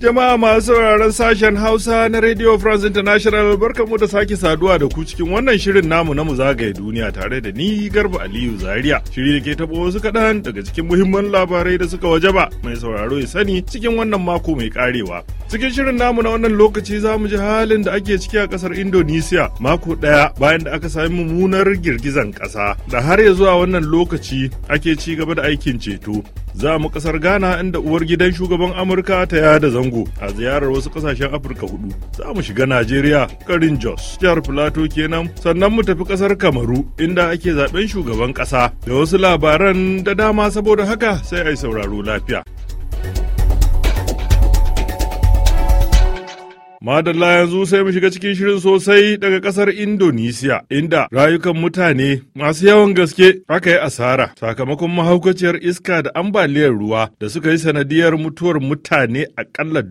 Jama'a masu sauraron sashen Hausa na Radio France International barkamu da sake saduwa da ku cikin wannan shirin namu na mu zagaye duniya tare da ni Garba Aliyu Zaria. Shiri da ke tabo wasu kaɗan daga cikin muhimman labarai da suka wajaba mai sauraro ya sani cikin wannan mako mai karewa. Cikin shirin namu na wannan lokaci za mu ji halin da ake ciki a ƙasar Indonesia mako ɗaya bayan da aka sami mummunar girgizan ƙasa da har ya zuwa wannan lokaci ake ci gaba da aikin ceto. Za mu ƙasar Ghana inda uwar gidan shugaban Amurka ta yada zango. Congo a ziyarar wasu kasashen Afirka hudu. Za mu shiga Najeriya, garin Jos, jihar Filato kenan, sannan mu tafi kasar Kamaru inda ake zaben shugaban kasa da wasu labaran da dama saboda haka sai ai sauraro lafiya. Madalla yanzu sai mu shiga cikin shirin sosai daga kasar Indonesia, inda rayukan mutane masu yawan gaske aka yi asara sakamakon mahaukaciyar iska da ambaliyar ruwa da suka yi sanadiyar mutuwar mutane akalla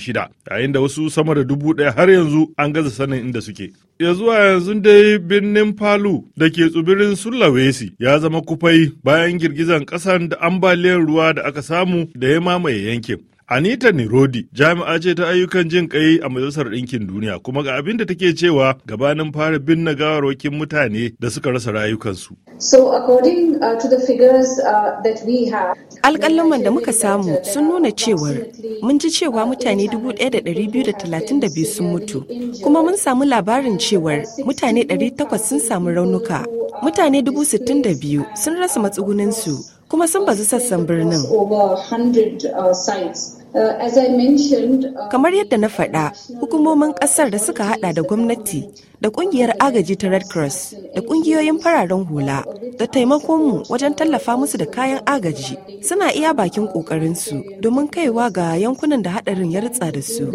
shida yayin da wasu sama da dubu ɗaya har yanzu an gaza sanin inda suke. Ya zuwa yanzu dai birnin Palu da ke tsibirin Sulawesi ya zama kufai bayan girgizan ƙasan da ambaliyar ruwa da aka samu da ya mamaye yankin. Anita Nirodi jami'a ce ta ayyukan jin kai a Majalisar Ɗinkin Duniya kuma ga abin da take cewa gabanin fara binne gawarwakin mutane da suka rasa rayukansu. So according uh, to the figures uh, that we have Alƙallaman da muka samu sun nuna cewar mun ji cewa mutane 1,232 sun mutu kuma mun samu labarin cewar mutane 800 sun samu raunuka mutane 62 sun rasa matsugunansu kuma sun bazu sassan birnin. Uh, uh, Kamar yadda na faɗa, hukumomin ƙasar da suka haɗa da gwamnati, da ƙungiyar agaji ta Red Cross, da ƙungiyoyin fararen hula, da taimakonmu wajen tallafa musu da kayan agaji, suna iya bakin ƙoƙarinsu domin kaiwa ga yankunan da haɗarin ya ritsa da su. Uh,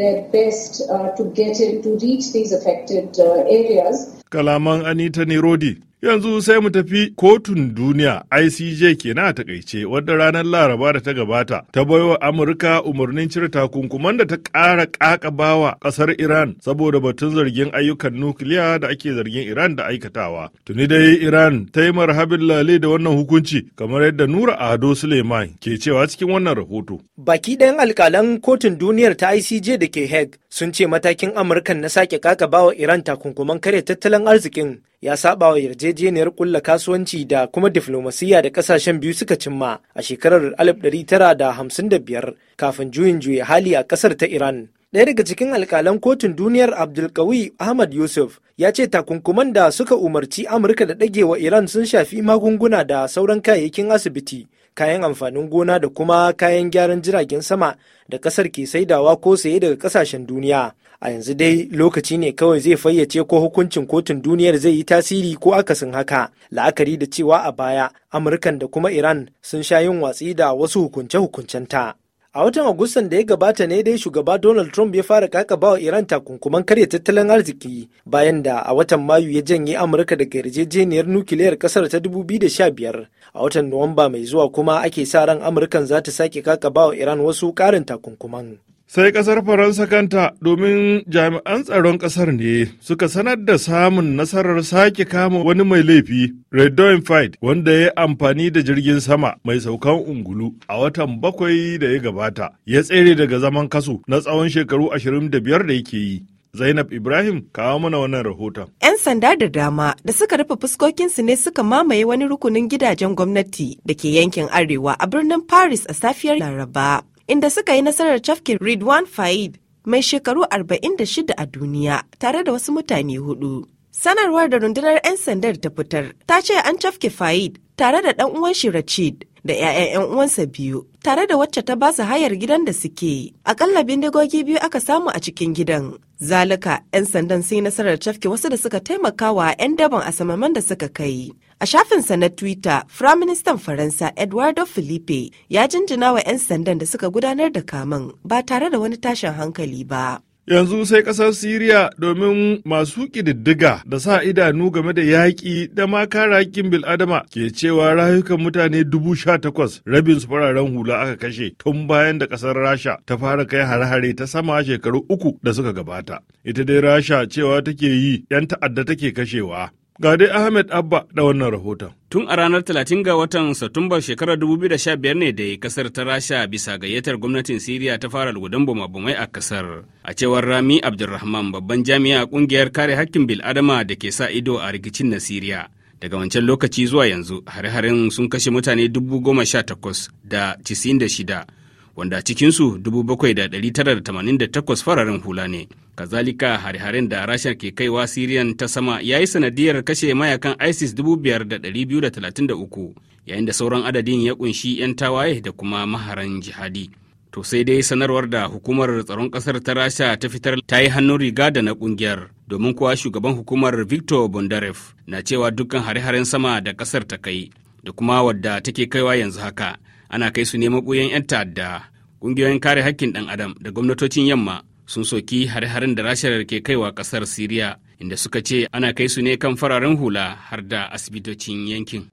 Kalaman Anita Nirodi Yanzu sai mu tafi kotun duniya ICJ ke na takaice wadda ranar Laraba da ta gabata ta baiwa Amurka umarnin cire takunkuman da ta ƙara ƙaƙabawa kasar Iran saboda batun zargin ayyukan nukiliya da ake zargin Iran da aikatawa. Tuni dai Iran ta yi marhabin lale da wannan hukunci kamar yadda Nura Ado Suleiman ke cewa cikin wannan rahoto. Baki ɗayan alkalan kotun duniyar ta ICJ da ke heg sun ce matakin Amurkan na sake ƙaƙabawa Iran takunkuman karya tattalin arzikin ya saba wa yarjejeniyar kulla kasuwanci da kuma diflomasiyya da kasashen biyu suka cimma a shekarar 1955 kafin juyin juya hali a kasar ta Iran. Ɗaya daga cikin alkalan kotun duniyar Abdulkawi Ahmad Yusuf ya ce takunkuman da suka umarci Amurka da wa Iran sun shafi magunguna da sauran kayayyakin asibiti, kayan amfanin gona da kuma kayan gyaran jiragen sama da ƙasar ke saidawa ko saye daga ƙasashen duniya. a yanzu dai lokaci ne kawai zai fayyace ko hukuncin kotun duniyar zai yi tasiri ko akasin haka la'akari da cewa a baya amurkan da kuma iran sun sha yin watsi da wasu hukunce-hukuncenta a watan agustan da ya gabata ne dai shugaba donald trump ya fara kakaba wa iran takunkuman karya tattalin arziki bayan da a watan mayu ya janye amurka daga yarjejeniyar nukiliyar kasar ta 2015 a watan nuwamba mai zuwa kuma ake sa ran amurkan za ta sake kakaba wa iran wasu karin takunkuman sai kasar faransa kanta domin jami'an tsaron kasar ne suka sanar da samun nasarar sake kama wani mai laifi redon fight wanda ya amfani da jirgin sama mai saukan ungulu a watan bakwai da ya gabata ya tsere daga zaman kaso na tsawon shekaru 25 da yake yi Zainab Ibrahim kawo mana wannan rahoton. 'Yan sanda da dama da suka rufe fuskokinsu ne suka mamaye wani rukunin gidajen gwamnati da ke yankin Arewa a birnin Paris a safiyar Laraba. inda suka yi nasarar cafke Ridwan Faid mai shekaru 46 a duniya tare da wasu mutane hudu. Sanarwar da rundunar 'yan sandar ta fitar ta ce an cafke Faid tare da ɗan uwan shi Rachid da 'ya'yan 'yan uwansa biyu tare da wacce ta basu hayar gidan da suke. Akalla bindigogi biyu aka samu a cikin gidan. Zalika 'yan sandan sun yi nasarar cafke wasu da suka taimakawa 'yan daban a samaman da suka kai A shafin sa na Twitter, Firaministan Faransa Eduardo Philippe ya jinjina wa 'yan sandan da suka gudanar da kaman ba tare da wani tashin hankali ba. Yanzu sai kasar Siriya domin masu ƙididdiga da sa idanu game da yaƙi da ma kare bil'adama ke cewa rayukan mutane dubu sha takwas rabin su fararen hula aka kashe tun bayan da ƙasar Rasha ta fara kai hare-hare ta sama shekaru uku da suka gabata. Ita dai Rasha cewa take yi 'yan ta'adda take kashewa Ga dai Ahmed Abba da wannan rahoton. Tun a ranar 30 ga watan Satumbar shekarar 2015 ne da kasar ta Rasha bisa gayyatar gwamnatin Siriya ta fara lugudan bumabumai a kasar. A cewar Rami Abdulrahman babban jami'a ƙungiyar kare hakkin bil'adama da ke sa ido a rikicin na Siriya. Daga wancan lokaci zuwa yanzu, hare-haren sun kashe mutane 18,000 da shida. wanda cikinsu 7,988 fararen hula ne. Kazalika hare-haren da rashar ke kaiwa Siriyan ta sama ya yi sanadiyar kashe mayakan ISIS 5,233 yayin da sauran adadin ya kunshi 'yan tawaye da kuma maharan jihadi. To sai dai sanarwar da hukumar tsaron kasar ta Rasha ta fitar ta yi hannun riga da na kungiyar domin kuwa shugaban hukumar Victor Bondarev na cewa dukkan hare-haren sama da kasar ta kai da kuma wadda take kaiwa yanzu haka ana kai su ne ɓuyan 'yan ta'adda ƙungiyoyin kare hakkin ɗan adam da gwamnatocin yamma sun soki hare-haren da rashar ke kaiwa ƙasar siriya inda suka ce ana kai su ne kan fararen hula har da asibitocin yankin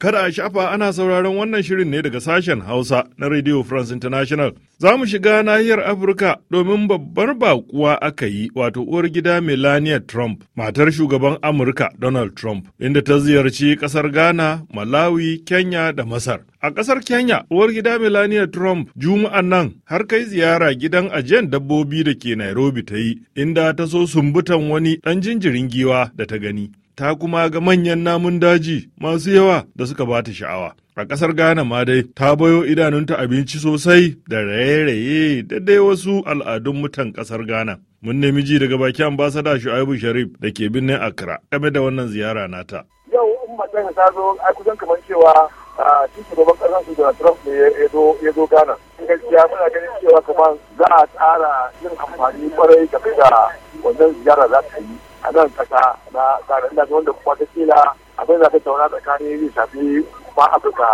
Kada a shafa ana sauraron wannan shirin ne daga sashen Hausa na Radio France International. Za mu shiga nahiyar Afirka domin babbar bakuwa aka yi wato uwar gida Melania Trump, matar shugaban Amurka Donald Trump, inda ta ziyarci kasar Ghana, Malawi, Kenya da Masar. A kasar Kenya, uwar gida Melania Trump juma'an nan har kai ziyara gidan ajiyar dabbobi da ke Nairobi ta yi, inda ta so sumbutan wani ɗan jinjirin giwa da ta gani. ta kuma ga manyan namun daji masu yawa da suka ba ta sha'awa. A ƙasar Ghana ma dai ta bayo idanunta abinci sosai da raye-raye da dai wasu al'adun mutan ƙasar Ghana. Mun nemi ji daga baki ambasada Shu'aibu Sharif da ke birnin Accra game da wannan ziyara nata. Yau in matsayin ta zo a kusan kamar cewa shi shugaban ƙasar su da Trump ne ya zo Ghana. Gaskiya muna ganin cewa kamar za a tsara yin amfani kwarai game da wannan ziyara za ta yi a nan kasa na tsarin da wanda kuma ta kila abin za ta tauna tsakanin zai shafi ma afirka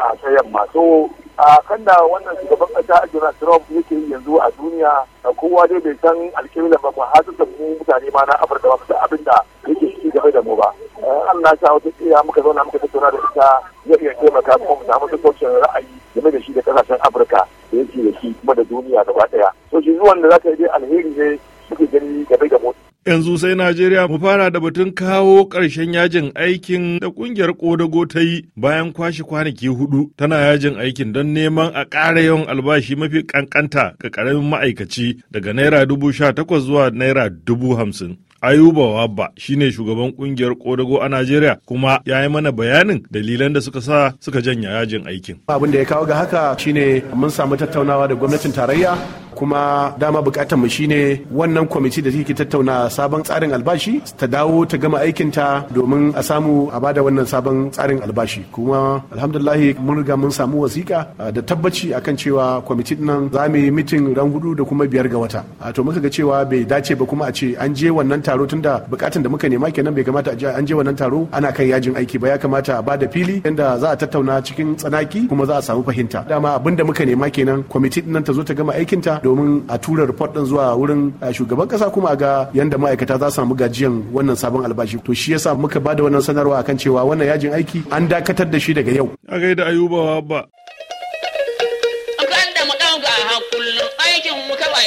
a ta yamma so a kan da wannan shugaban kasa Donald Trump yake yanzu a duniya kowa dai bai san alkibla ba ba har da mu mutane ma na Afirka ba da abin da yake ciki game da mu ba eh, Allah ya wata tsaya muka zauna muka tattauna da ita ya iya taimaka kuma mu samu sassaucin ra'ayi game da shi da kasashen Afirka da yake da shi kuma da duniya gaba daya so shi zuwan da yi dai alheri ne suke gani gaba da motsi. Yanzu sai Najeriya mu fara da batun kawo ƙarshen yajin aikin da ƙungiyar ƙodago ta yi bayan kwashe kwanaki hudu tana yajin aikin don neman a ƙara yawan albashi mafi ƙanƙanta ga ƙaramin ma'aikaci daga naira dubu sha takwas zuwa naira dubu hamsin. Ayuba Wabba shine shugaban ƙungiyar Kodago a Najeriya kuma ya yi mana bayanin dalilan da suka sa suka janya yajin aikin. Abin da ya kawo ga haka shine mun samu tattaunawa da gwamnatin tarayya kuma dama bukatar mu shine wannan kwamiti da take tattauna sabon tsarin albashi ta dawo ta gama aikinta domin a samu a bada wannan sabon tsarin albashi kuma alhamdulillah mun riga mun samu wasiƙa ah, da tabbaci akan cewa kwamiti nan za mu yi mitin ran hudu da kuma biyar ga wata ah, to muka ga cewa bai dace ba kuma a ce an je wannan taro tunda bukatun da muka nema kenan bai kamata a je an je wannan taro ana kan yajin aiki ba ya kamata a bada fili inda za a tattauna cikin tsanaki kuma za a samu fahimta dama abin da muka nema kenan kwamiti nan ta zo ta gama aikinta domin a tura report ɗin zuwa wurin shugaban kasa kuma a ga yanda ma'aikata za su samu gajiyan wannan sabon albashi to shi yasa muka bada wannan sanarwa akan cewa wannan yajin aiki an dakatar da shi daga yau a gaida ayuba ba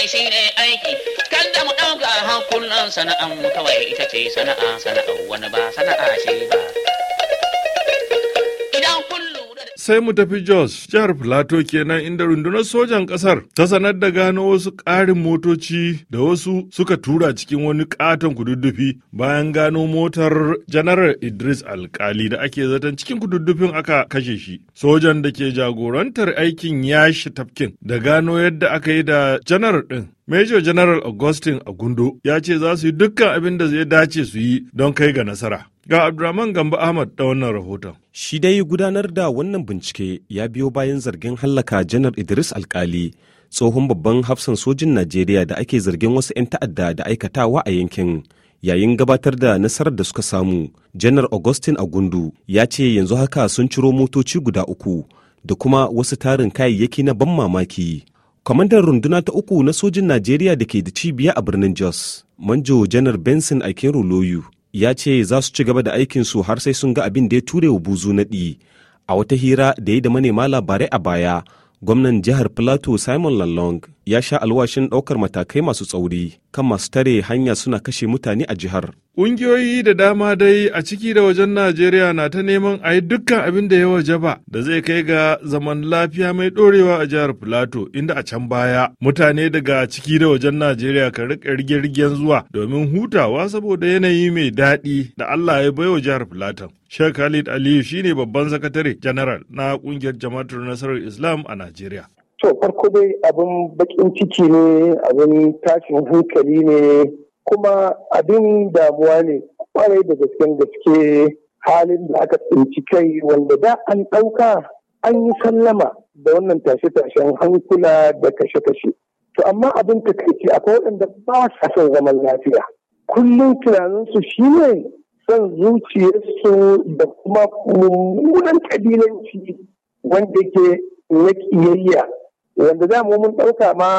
shi ne aiki kan da mu ɗauka hankulan sana'an mu kawai ita ce sana'a sana'a wani ba sana'a ce ba sai mu tafi Jos, jihar Filato kenan inda rundunar sojan ƙasar ta sanar da gano wasu ƙarin motoci da wasu suka tura cikin wani ƙaton kududdufi bayan gano motar Janaral Idris Alkali da ake zaton cikin kududdufin aka kashe shi. Sojan da ke jagorantar aikin yashi tafkin da gano yadda aka yi da janar ɗin. Major General Augustine Agundo ya ce za su yi dukkan abin da zai dace su yi don kai ga nasara. Ga Abdulrahman Gambo Ahmad da wannan rahoton. Shi dai gudanar da wannan bincike ya biyo bayan zargin hallaka Janar Idris Alkali, tsohon babban hafsan sojin Najeriya da ake zargin wasu 'yan ta'adda da aikatawa a yankin. Yayin gabatar da nasarar da suka samu, Janar Augustin Agundu ya ce yanzu haka sun ciro motoci guda uku da kuma wasu tarin kayayyaki na ban mamaki. kwamandan runduna ta uku na sojin najeriya da ke da cibiya a birnin jos manjo janar benson akeru loyu ya ce za su ci gaba da aikinsu har sai sun ga abin da ya ture wa buzu naɗi a wata hira da ya yi da manema labarai a baya gwamnan jihar plateau simon lalong ya sha alwashin ɗaukar matakai masu tsauri kan masu tare hanya suna kashe mutane a jihar. Ƙungiyoyi da dama dai a ciki da wajen Najeriya na ta neman a yi dukkan abin da ya waje ba da zai kai ga zaman lafiya mai ɗorewa a jihar Filato inda a can baya mutane daga ciki da wajen Najeriya ka riƙa rigen zuwa domin hutawa saboda yanayi mai daɗi da Allah ya baiwa jihar Filato. Sheikh Khalid Aliyu shine babban sakatare janaral na ƙungiyar Jama'atul Nasarar Islam a Najeriya. To farko dai abin bakin ciki ne abin tashin hankali ne kuma abin damuwa ne kwarai da gasken gaske halin da aka tsinci kai wanda da an ɗauka an yi sallama da wannan tashe-tashen hankula da kashe-kashe. To amma abin takaici akwai waɗanda ba sa son zaman lafiya. Kullum tunaninsu shi ne son zuciyarsu da kuma mummunan ƙabilanci wanda ke na ƙiyayya wanda za mu mun ɗauka ma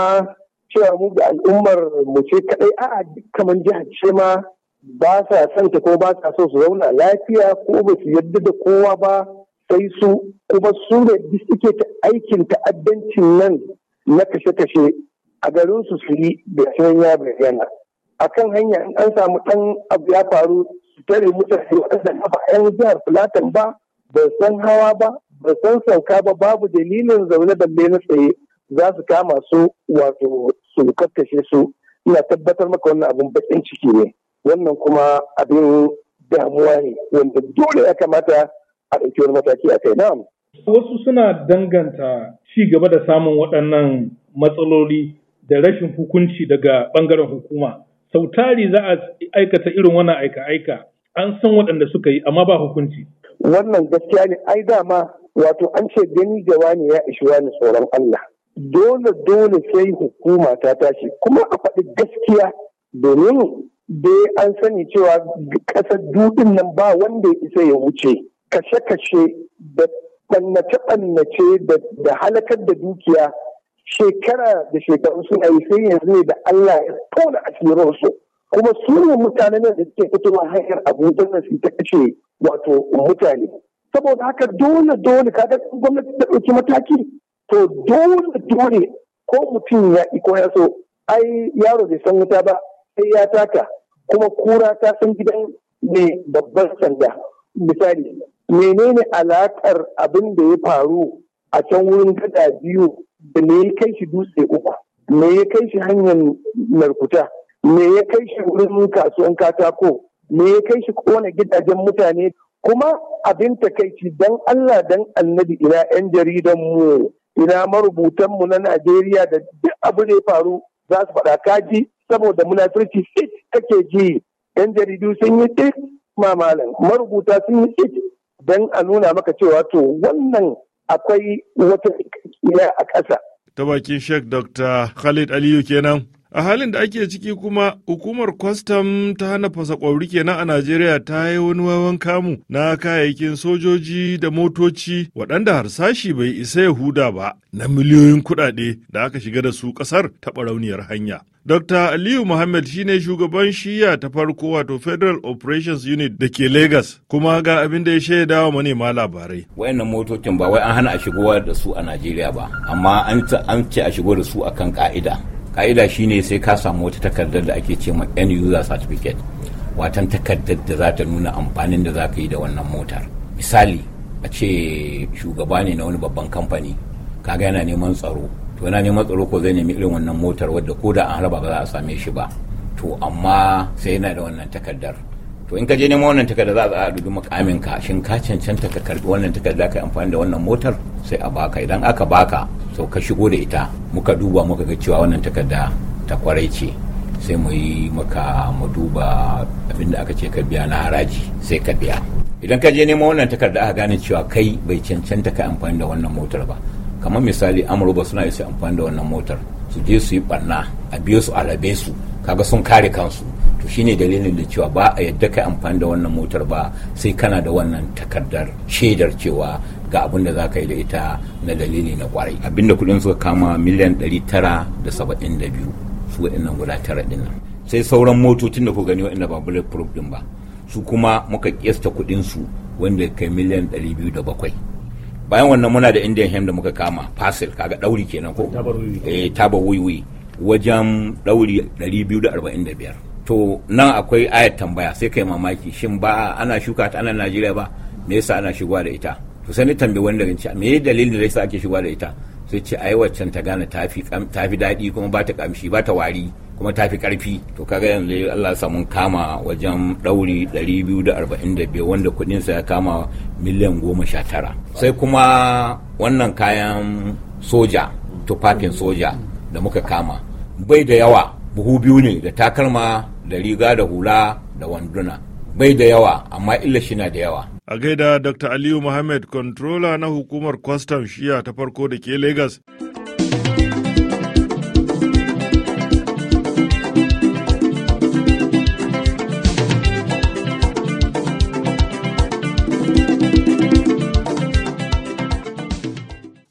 cewa mu da al'ummar mu ce kaɗai a kaman jihar ce ma ba sa son ta ko ba sa so su zauna lafiya ko ba su yarda da kowa ba sai su kuma su ne suke ta aikin ta'addancin nan na kashe-kashe a garin su su yi da ya bayyana a kan hanya in an samu ɗan abu ya faru su tare mutane waɗanda ba 'yan jihar Filatan ba ba san hawa ba ba san sauka ba babu dalilin zaune balle na tsaye za su kama su wato su kakkashe su ina tabbatar maka wannan abin bakin ciki ne wannan kuma abin damuwa ne wanda dole ya kamata a ɗauki wani mataki a kai na'am. Wasu suna danganta ci gaba da samun waɗannan matsaloli da rashin hukunci daga ɓangaren hukuma. Sau tari za a aikata irin wannan aika-aika an san waɗanda suka yi amma ba hukunci. Wannan gaskiya ne ai dama wato an ce gani gaba ne ya ishi wani tsoron Allah dole dole sai hukuma ta tashi kuma a faɗi gaskiya domin dai an sani cewa ƙasar dudin nan ba wanda ya isa ya wuce kashe-kashe da ɓannace-ɓannace da halakar da dukiya shekara da shekaru suna yi sai yanzu ne da Allah ya tona asirinsu kuma su ne mutanen da suke fitowa hanyar abuja da su ta kashe wato mutane saboda haka dole dole kaga gwamnati ta ɗauki mataki to dole dole ko mutum ya iko ya so ai yaro bai san wuta ba sai ya taka kuma kura ta san gidan ne babban sanda misali menene alakar abin da ya faru a can wurin gada biyu da me ya kai shi dutse uku me ya kai shi hanyar narkuta me ya kai shi wurin kasuwan katako me ya kai shi kona gidajen mutane kuma abin takaici don Allah don annabi ina 'yan jaridan mu ina marubutan mu na Najeriya da duk abu ne faru za su faɗa kaji saboda munafurci it kake ji yan jaridu sun yi it mamalan marubuta sun yi it don a nuna maka cewa to wannan akwai wata a ƙasa. Ta bakin Sheikh Dr. Khalid Aliyu kenan. a halin da ake ciki kuma hukumar kwastam ta hana fasakwauri kenan a najeriya ta yi wani wawan kamu na kayayyakin sojoji da motoci waɗanda harsashi bai isa ya huda ba na miliyoyin kuɗaɗe da aka shiga da su ƙasar ta barauniyar hanya Dr. Aliyu Muhammad shine shugaban shiya ta farko wato Federal Operations Unit da ke Lagos kuma ga abin da ya shaida wa manema labarai. Wayannan motocin ba wai an hana a shigowa da su a Najeriya ba, amma an ce a shigo da su akan ka'ida. ka'ida shine sai ka samu wata takardar da ake ce ma end user certificate watan takardar da za ta nuna amfanin da za ka yi da wannan motar misali a ce shugaba ne na wani babban kamfani kaga yana neman tsaro to yana neman tsaro ko zai nemi irin wannan motar wadda ko da an harba ba za a same shi ba to amma sai yana da wannan takardar to in ka je neman wannan takardar za a dudu makamin ka shin ka cancanta ka karbi wannan za ka amfani da wannan motar sai a baka idan aka baka so ka shigo da ita muka duba muka ga cewa wannan takarda ta kwarai ce sai mu yi maka mu duba abin da aka ce ka biya na haraji sai ka biya idan ka je neman wannan takarda aka gane cewa kai bai cancanta ka amfani da wannan motar ba kamar misali amurba suna isa amfani da wannan motar su je su yi barna a biyo su alabe su kaga sun kare kansu to shine dalilin da cewa ba a yadda ka amfani da wannan motar ba sai kana da wannan takardar shaidar cewa ga abin da za ka yi da ita na dalili na kwarai abinda kuɗin suka kama miliyan 972 su waɗannan guda tara ɗin nan sai sauran motocin da ku gani waɗanda ba bullet proof ɗin ba su kuma muka kiyasta kuɗin su wanda kai miliyan 207 bayan wannan muna da indian hem da muka kama fasil kaga ɗauri kenan ko taba wiwi eh, wajen ɗauri 245 to nan akwai ayat tambaya sai kai mamaki shin ba ana shuka ta ana najeriya ba me yasa ana shigowa da ita to sai ni tambayi wani daga me me dalilin da yasa ake shigowa da ita sai ce ai waccan ta gane tafi tafi daɗi kuma ba ta kamshi ba ta wari kuma ta fi karfi to kaga yanzu Allah samu kama wajen ɗauri 245 wanda sa ya kama miliyan goma sha tara sai kuma wannan kayan soja tufafin soja da muka kama bai da yawa buhu biyu ne da takalma da riga da hula da wanduna bai da yawa amma illa shi na da yawa A gaida Dr. Aliyu Mohammed, controller na hukumar kwastam shiya ta farko da ke Legas.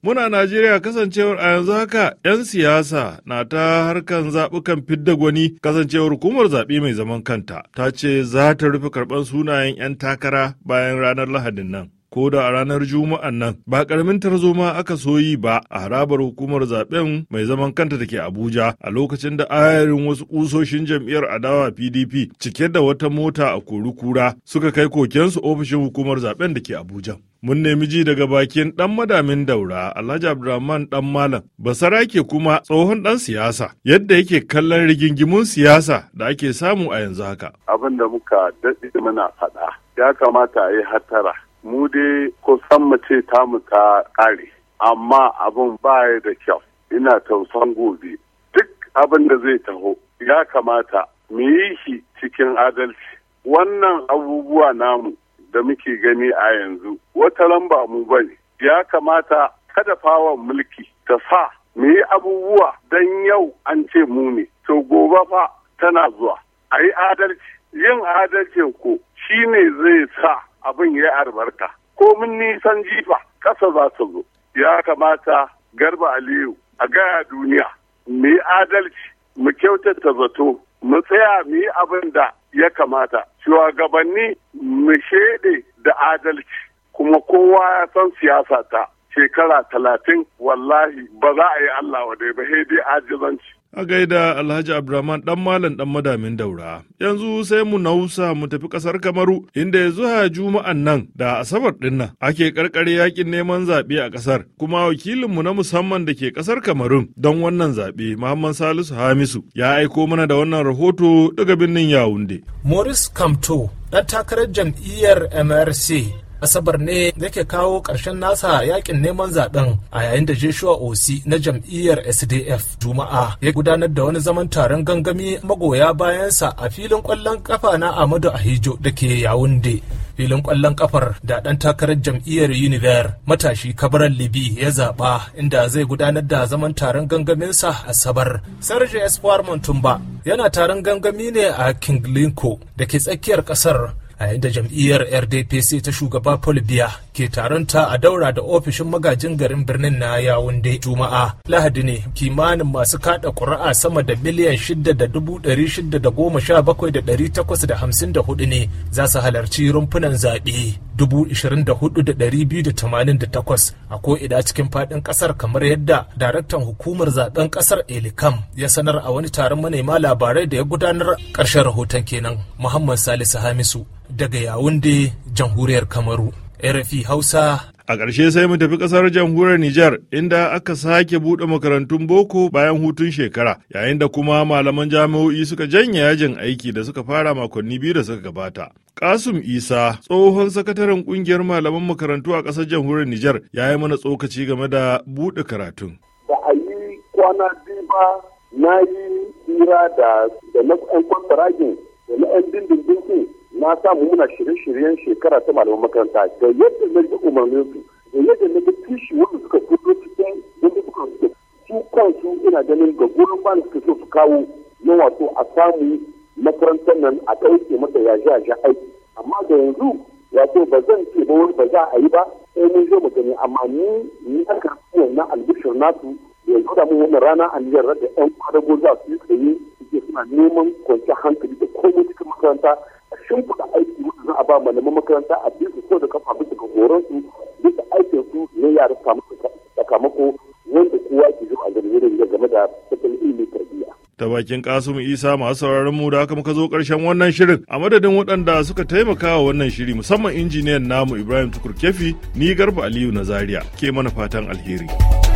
Muna Najeriya kasancewar a yanzu haka 'yan siyasa na ta harkan zaɓukan fidda gwani kasancewar hukumar zaɓe mai zaman kanta ta ce za ta rufe karɓar sunayen 'yan takara bayan ranar Lahadin nan. ko da a ranar juma'an nan ba karamin tarzoma aka soyi ba a harabar hukumar zaben mai zaman kanta da ke abuja a lokacin da ayarin wasu kusoshin jam'iyyar adawa pdp cike da wata mota a kura suka kai kokensu ofishin hukumar zaben da ke abuja mun nemi ji daga bakin ɗan madamin daura alhaji abdulrahman ɗan malam basara ke kuma tsohon ɗan siyasa yadda yake kallon rigingimun siyasa da ake samu a yanzu haka abin da muka daɗe muna faɗa ya kamata a yi hatara mu dai kusan mace ta mu ta ƙare amma abin baya da kyau ina tausan gobe duk abin da zai taho ya kamata mu yi shi cikin adalci wannan abubuwa namu da muke gani a yanzu wata lamba mu bane ya kamata kada fawon mulki ta sa mu yi abubuwa don yau an ce mu ne to gobe fa tana zuwa a yi adalci yin adalcin ko shi ne zai sa abin ya albarka ko mun nisan jifa kasa za su zo ya kamata garba aliyu a gaya duniya mu yi adalci mu kyautata zato mu tsaya mu yi abin da ya kamata shugabanni mu shaide da adalci kuma kowa ya san siyasa ta shekara talatin wallahi ba za a yi allah wadai ba dai ajizanci A gaida Alhaji Abdurrahman ɗan Malam ɗan Madamin Daura. Yanzu sai mu nausa mu tafi ƙasar Kamaru inda ya zuwa Juma'an nan da Asabar din ake karkare yakin neman zaɓe a ƙasar kuma wakilin mu na musamman da ke ƙasar Kamarun don wannan zaɓe Muhammad Salisu Hamisu ya aiko mana da wannan rahoto daga birnin Yaounde. Maurice Kamto ɗan takarar jam'iyyar MRC asabar ne yake kawo ƙarshen nasa yakin neman zaben a yayin da joshua osi na jam'iyyar sdf juma'a ya gudanar da wani zaman taron gangami magoya bayansa a filin kwallon kafa na amadu ahijo da ke yawunde filin kwallon kafar da ɗan takarar jam'iyyar univer matashi kabaran libi ya zaɓa inda zai gudanar da zaman taron gangaminsa asabar sergio espoir montumba yana taron gangami ne a kinglinko da ke tsakiyar ƙasar a yadda jam'iyyar rdpc ta shugaba paul ke taronta a daura da ofishin magajin garin birnin na yawunde juma'a lahadi ne kimanin masu kada ƙuri'a sama da miliyan shida da dubu ɗari shida da goma sha bakwai da ɗari takwas da hamsin da hudu ne za su halarci rumfunan zaɓe dubu ishirin da hudu da ɗari biyu da tamanin da takwas a ko'ina cikin faɗin ƙasar kamar yadda daraktan hukumar zaɓen ƙasar elikam ya sanar a wani taron manema labarai da ya gudanar ƙarshen rahoton kenan muhammad salisu hamisu daga yawunde jamhuriyar kamaru RFI Hausa. A ƙarshe sai mu tafi ƙasar jamhuriyar Nijar inda aka sake buɗe makarantun boko bayan hutun shekara yayin da kuma malaman jami'o'i suka janye yajin aiki da suka fara makonni biyu da suka gabata. Kasum Isa tsohon sakataren ƙungiyar malaman makarantu a ƙasar jamhuriyar Nijar ya yi mana tsokaci game da buɗe karatun. Ba a yi kwana biyu ba na yi hira da na 'yan kwantaragin da na 'yan dindindin na samu muna shirye-shiryen shekara ta malaman makaranta da yadda na ji umarnin su da yadda na ga tushe wanda suka fito cikin wanda suka fito su kansu ina ganin ga gurin ba suka so su kawo na wato a samu makarantar nan a ɗauke mata ja ja aiki amma da yanzu wato ba zan ce ba wani ba za a yi ba sai mun zo mu gani amma ni ni aka na albishir nasu yanzu da mun wani rana a niyyar da yan kwadago za su yi tsaye suke suna neman kwanci hankali da komai cikin makaranta a ba malaman makaranta a bisu ko da kafa bisa ga horon su bisa aikin su ne yara sakamako wanda kowa ke zuwa da game da tattalin ilimin tarbiyya. ta bakin kasum isa masu sauraron mu da haka muka zo karshen wannan shirin a madadin waɗanda suka taimaka wa wannan shiri musamman injiniyan namu ibrahim tukur kefi ni garba aliyu na zaria ke mana fatan alheri.